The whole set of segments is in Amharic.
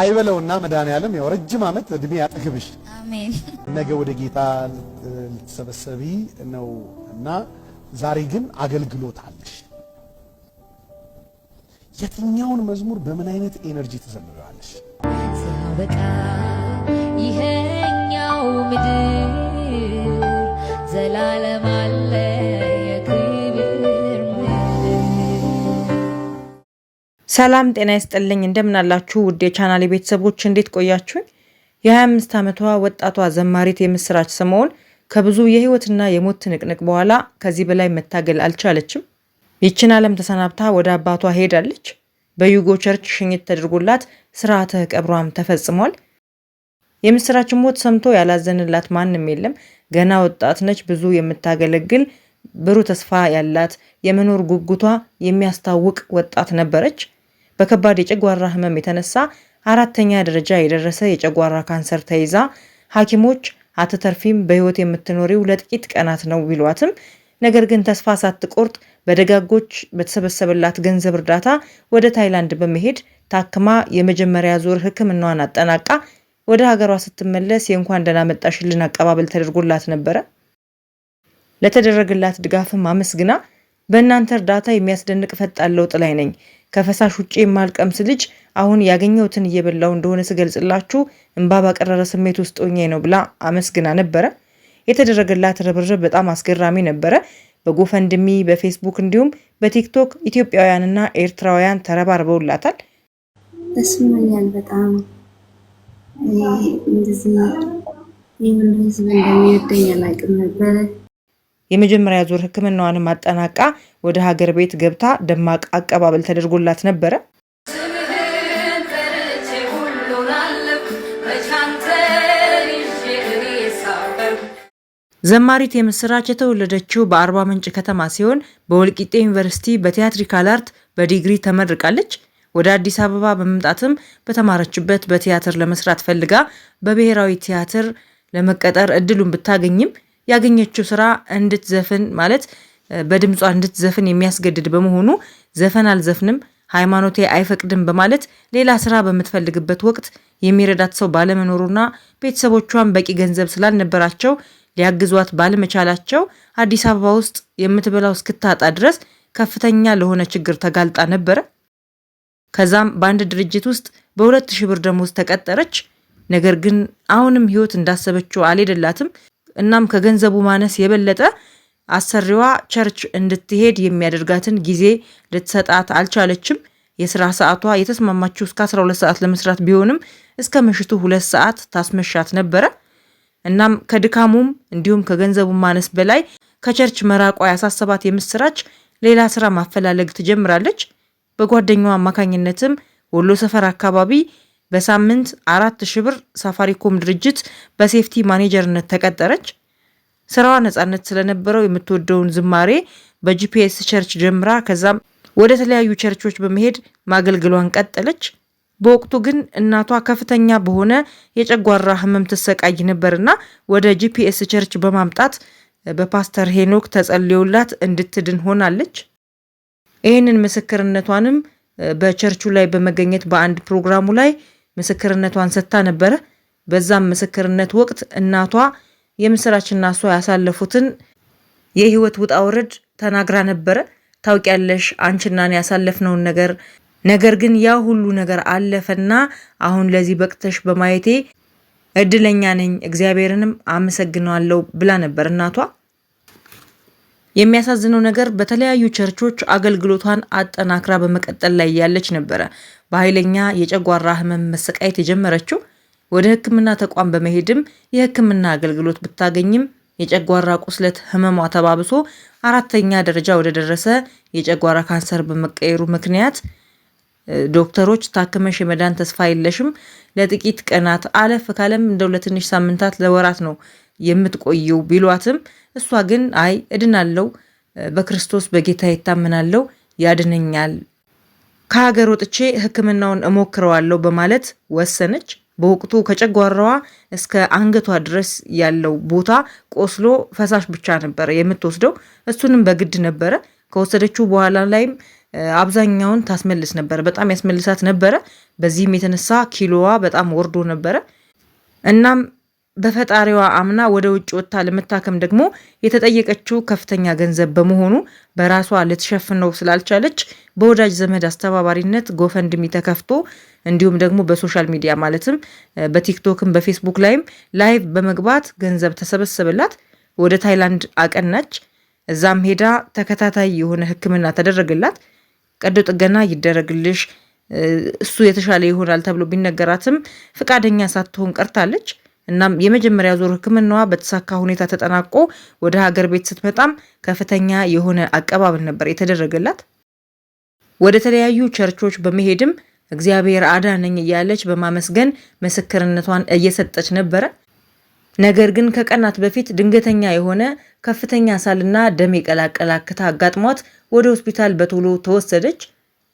አይበለውና መድኃኔ ዓለም ያው ረጅም ዓመት እድሜ ያጠግብሽ። አሜን። ነገ ወደ ጌታ ልትሰበሰቢ ነው እና ዛሬ ግን አገልግሎት አለሽ። የትኛውን መዝሙር በምን አይነት ኤነርጂ ትዘምራለሽ? ሰላም ጤና ይስጥልኝ። እንደምን አላችሁ ውድ የቻናሌ ቤተሰቦች፣ እንዴት ቆያችሁኝ? የ25 ዓመቷ ወጣቷ ዘማሪት የምስራች ስምኦን ከብዙ የህይወትና የሞት ትንቅንቅ በኋላ ከዚህ በላይ መታገል አልቻለችም። ይችን ዓለም ተሰናብታ ወደ አባቷ ሄዳለች። በዩጎ ቸርች ሽኝት ተደርጎላት ስርዓተ ቀብሯም ተፈጽሟል። የምስራችን ሞት ሰምቶ ያላዘንላት ማንም የለም። ገና ወጣት ነች፣ ብዙ የምታገለግል ብሩህ ተስፋ ያላት፣ የመኖር ጉጉቷ የሚያስታውቅ ወጣት ነበረች። በከባድ የጨጓራ ህመም የተነሳ አራተኛ ደረጃ የደረሰ የጨጓራ ካንሰር ተይዛ ሐኪሞች አትተርፊም፣ በህይወት የምትኖሪው ለጥቂት ቀናት ነው ቢሏትም ነገር ግን ተስፋ ሳትቆርጥ በደጋጎች በተሰበሰበላት ገንዘብ እርዳታ ወደ ታይላንድ በመሄድ ታክማ የመጀመሪያ ዙር ህክምናዋን አጠናቃ ወደ ሀገሯ ስትመለስ የእንኳን ደህና መጣሽልን አቀባበል ተደርጎላት ነበረ። ለተደረገላት ድጋፍም አመስግና በእናንተ እርዳታ የሚያስደንቅ ፈጣን ለውጥ ላይ ነኝ ከፈሳሽ ውጭ የማልቀምስ ልጅ አሁን ያገኘሁትን እየበላው እንደሆነ ስገልጽላችሁ እንባ ባቀረረ ስሜት ውስጥ ሆኜ ነው ብላ አመስግና ነበረ። የተደረገላት ርብርብ በጣም አስገራሚ ነበረ። በጎፈንድሚ በፌስቡክ እንዲሁም በቲክቶክ ኢትዮጵያውያንና ኤርትራውያን ተረባርበውላታል። ተስማኛል በጣም እንደዚህ ይህ ህዝብ እንደሚወደኝ አላውቅም ነበር የመጀመሪያ ዙር ሕክምናዋን ማጠናቃ ወደ ሀገር ቤት ገብታ ደማቅ አቀባበል ተደርጎላት ነበረ። ዘማሪት የምስራች የተወለደችው በአርባ ምንጭ ከተማ ሲሆን በወልቂጤ ዩኒቨርሲቲ በቲያትሪካል አርት በዲግሪ ተመርቃለች። ወደ አዲስ አበባ በመምጣትም በተማረችበት በቲያትር ለመስራት ፈልጋ በብሔራዊ ቲያትር ለመቀጠር እድሉን ብታገኝም ያገኘችው ስራ እንድትዘፍን ማለት በድምጿ እንድትዘፍን የሚያስገድድ በመሆኑ ዘፈን አልዘፍንም፣ ሃይማኖቴ አይፈቅድም በማለት ሌላ ስራ በምትፈልግበት ወቅት የሚረዳት ሰው ባለመኖሩና ቤተሰቦቿን በቂ ገንዘብ ስላልነበራቸው ሊያግዟት ባለመቻላቸው አዲስ አበባ ውስጥ የምትበላው እስክታጣ ድረስ ከፍተኛ ለሆነ ችግር ተጋልጣ ነበረ። ከዛም በአንድ ድርጅት ውስጥ በሁለት ሺህ ብር ደሞዝ ተቀጠረች። ነገር ግን አሁንም ህይወት እንዳሰበችው አልሄደላትም። እናም ከገንዘቡ ማነስ የበለጠ አሰሪዋ ቸርች እንድትሄድ የሚያደርጋትን ጊዜ ልትሰጣት አልቻለችም። የስራ ሰዓቷ የተስማማችው እስከ 12 ሰዓት ለመስራት ቢሆንም እስከ ምሽቱ ሁለት ሰዓት ታስመሻት ነበረ። እናም ከድካሙም እንዲሁም ከገንዘቡ ማነስ በላይ ከቸርች መራቋ ያሳሰባት የምስራች ሌላ ስራ ማፈላለግ ትጀምራለች። በጓደኛዋ አማካኝነትም ወሎ ሰፈር አካባቢ በሳምንት አራት ሺ ብር ሳፋሪኮም ድርጅት በሴፍቲ ማኔጀርነት ተቀጠረች። ስራዋ ነጻነት ስለነበረው የምትወደውን ዝማሬ በጂፒኤስ ቸርች ጀምራ ከዛም ወደ ተለያዩ ቸርቾች በመሄድ ማገልግሏን ቀጠለች። በወቅቱ ግን እናቷ ከፍተኛ በሆነ የጨጓራ ህመም ትሰቃይ ነበርና ወደ ጂፒኤስ ቸርች በማምጣት በፓስተር ሄኖክ ተጸልዮላት እንድትድን ሆናለች። ይህንን ምስክርነቷንም በቸርቹ ላይ በመገኘት በአንድ ፕሮግራሙ ላይ ምስክርነቷን ሰጥታ ነበረ። በዛም ምስክርነት ወቅት እናቷ የምስራችና እሷ ያሳለፉትን የህይወት ውጣ ውረድ ተናግራ ነበረ። ታውቂያለሽ አንቺናን ያሳለፍነውን ነገር ነገር ግን ያ ሁሉ ነገር አለፈና አሁን ለዚህ በቅተሽ በማየቴ እድለኛ ነኝ፣ እግዚአብሔርንም አመሰግነዋለሁ ብላ ነበር እናቷ። የሚያሳዝነው ነገር በተለያዩ ቸርቾች አገልግሎቷን አጠናክራ በመቀጠል ላይ ያለች ነበረ በኃይለኛ የጨጓራ ህመም መሰቃየት የጀመረችው። ወደ ህክምና ተቋም በመሄድም የህክምና አገልግሎት ብታገኝም የጨጓራ ቁስለት ህመሟ ተባብሶ አራተኛ ደረጃ ወደ ደረሰ የጨጓራ ካንሰር በመቀየሩ ምክንያት ዶክተሮች ታክመሽ የመዳን ተስፋ የለሽም፣ ለጥቂት ቀናት አለፍ ካለም እንደው ለትንሽ ሳምንታት ለወራት ነው የምትቆየው ቢሏትም እሷ ግን አይ እድናለው፣ በክርስቶስ በጌታ ይታምናለው፣ ያድነኛል፣ ከሀገር ወጥቼ ሕክምናውን እሞክረዋለሁ በማለት ወሰነች። በወቅቱ ከጨጓራዋ እስከ አንገቷ ድረስ ያለው ቦታ ቆስሎ ፈሳሽ ብቻ ነበረ የምትወስደው። እሱንም በግድ ነበረ። ከወሰደችው በኋላ ላይም አብዛኛውን ታስመልስ ነበረ። በጣም ያስመልሳት ነበረ። በዚህም የተነሳ ኪሎዋ በጣም ወርዶ ነበረ። እናም በፈጣሪዋ አምና ወደ ውጭ ወጥታ ለመታከም ደግሞ የተጠየቀችው ከፍተኛ ገንዘብ በመሆኑ በራሷ ልትሸፍነው ስላልቻለች በወዳጅ ዘመድ አስተባባሪነት ጎፈንድሚ ተከፍቶ እንዲሁም ደግሞ በሶሻል ሚዲያ ማለትም በቲክቶክም በፌስቡክ ላይም ላይቭ በመግባት ገንዘብ ተሰበሰበላት። ወደ ታይላንድ አቀናች። እዛም ሄዳ ተከታታይ የሆነ ሕክምና ተደረገላት። ቀዶ ጥገና ይደረግልሽ፣ እሱ የተሻለ ይሆናል ተብሎ ቢነገራትም ፍቃደኛ ሳትሆን ቀርታለች። እናም የመጀመሪያ ዙር ሕክምናዋ በተሳካ ሁኔታ ተጠናቆ ወደ ሀገር ቤት ስትመጣም ከፍተኛ የሆነ አቀባበል ነበር የተደረገላት። ወደ ተለያዩ ቸርቾች በመሄድም እግዚአብሔር አዳነኝ እያለች በማመስገን ምስክርነቷን እየሰጠች ነበረ። ነገር ግን ከቀናት በፊት ድንገተኛ የሆነ ከፍተኛ ሳልና ደም የቀላቀለ አክታ አጋጥሟት ወደ ሆስፒታል በቶሎ ተወሰደች።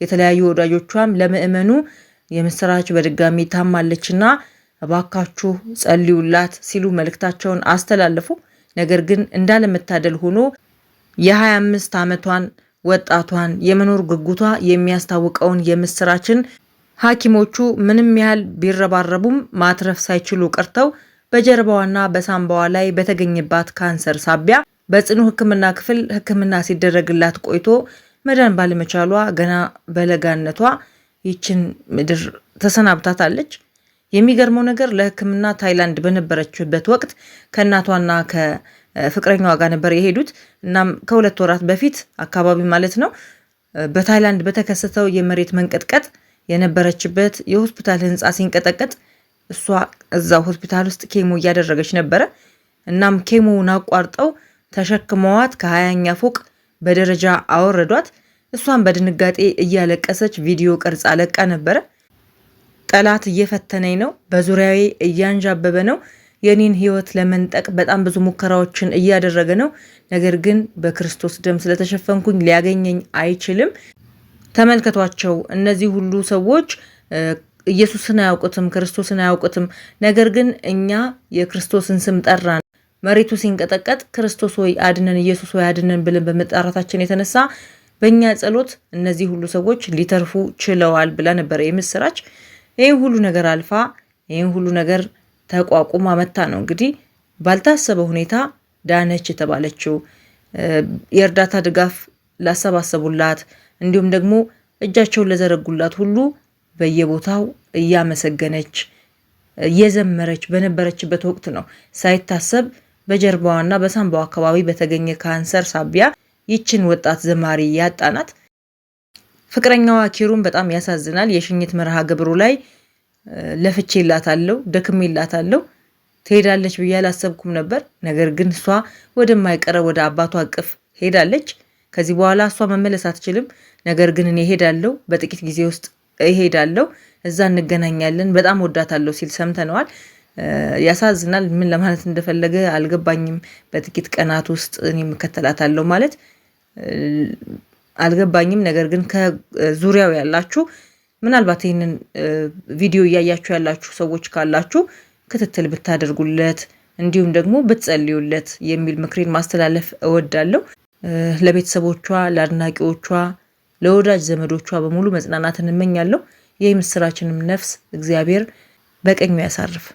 የተለያዩ ወዳጆቿም ለምእመኑ የምስራች በድጋሚ ታማለችና እባካችሁ ጸልዩላት ሲሉ መልእክታቸውን አስተላለፉ። ነገር ግን እንዳለመታደል ሆኖ የ25 ዓመቷን ወጣቷን የመኖር ጉጉቷ የሚያስታውቀውን የምስራችን ሐኪሞቹ ምንም ያህል ቢረባረቡም ማትረፍ ሳይችሉ ቀርተው በጀርባዋና በሳምባዋ ላይ በተገኘባት ካንሰር ሳቢያ በጽኑ ሕክምና ክፍል ሕክምና ሲደረግላት ቆይቶ መዳን ባለመቻሏ ገና በለጋነቷ ይችን ምድር ተሰናብታታለች። የሚገርመው ነገር ለሕክምና ታይላንድ በነበረችበት ወቅት ከእናቷና ከፍቅረኛዋ ጋር ነበር የሄዱት። እናም ከሁለት ወራት በፊት አካባቢ ማለት ነው በታይላንድ በተከሰተው የመሬት መንቀጥቀጥ የነበረችበት የሆስፒታል ህንፃ ሲንቀጠቀጥ እሷ እዛው ሆስፒታል ውስጥ ኬሞ እያደረገች ነበረ። እናም ኬሞውን አቋርጠው ተሸክመዋት ከሀያኛ ፎቅ በደረጃ አወረዷት። እሷን በድንጋጤ እያለቀሰች ቪዲዮ ቅርጽ ለቃ ነበረ። ጠላት እየፈተነኝ ነው፣ በዙሪያዬ እያንዣበበ ነው። የኔን ህይወት ለመንጠቅ በጣም ብዙ ሙከራዎችን እያደረገ ነው። ነገር ግን በክርስቶስ ደም ስለተሸፈንኩኝ ሊያገኘኝ አይችልም። ተመልከቷቸው። እነዚህ ሁሉ ሰዎች ኢየሱስን አያውቁትም፣ ክርስቶስን አያውቁትም። ነገር ግን እኛ የክርስቶስን ስም ጠራን። መሬቱ ሲንቀጠቀጥ ክርስቶስ ሆይ አድነን፣ ኢየሱስ ሆይ አድነን ብለን በመጣራታችን የተነሳ በእኛ ጸሎት እነዚህ ሁሉ ሰዎች ሊተርፉ ችለዋል ብላ ነበረ የምስራች ይህን ሁሉ ነገር አልፋ ይህን ሁሉ ነገር ተቋቁማ መታ ነው እንግዲህ ባልታሰበ ሁኔታ ዳነች የተባለችው። የእርዳታ ድጋፍ ላሰባሰቡላት እንዲሁም ደግሞ እጃቸውን ለዘረጉላት ሁሉ በየቦታው እያመሰገነች እየዘመረች በነበረችበት ወቅት ነው ሳይታሰብ በጀርባዋና በሳምባው አካባቢ በተገኘ ካንሰር ሳቢያ ይችን ወጣት ዘማሪ ያጣናት። ፍቅረኛዋ ኪሩን በጣም ያሳዝናል። የሽኝት መርሃ ግብሩ ላይ ለፍቼላታለሁ፣ ደክሜላታለሁ ትሄዳለች ብዬ አላሰብኩም ነበር። ነገር ግን እሷ ወደማይቀረብ ወደ አባቷ እቅፍ ሄዳለች። ከዚህ በኋላ እሷ መመለስ አትችልም። ነገር ግን እኔ ሄዳለሁ፣ በጥቂት ጊዜ ውስጥ እሄዳለሁ፣ እዛ እንገናኛለን፣ በጣም ወዳታለሁ ሲል ሰምተነዋል። ያሳዝናል። ምን ለማለት እንደፈለገ አልገባኝም። በጥቂት ቀናት ውስጥ እኔ እከተላታለሁ ማለት አልገባኝም። ነገር ግን ከዙሪያው ያላችሁ ምናልባት ይህንን ቪዲዮ እያያችሁ ያላችሁ ሰዎች ካላችሁ ክትትል ብታደርጉለት እንዲሁም ደግሞ ብትጸልዩለት የሚል ምክሬን ማስተላለፍ እወዳለሁ። ለቤተሰቦቿ፣ ለአድናቂዎቿ፣ ለወዳጅ ዘመዶቿ በሙሉ መጽናናትን እመኛለሁ። የምስራችንም ነፍስ እግዚአብሔር በቀኙ ያሳርፍ።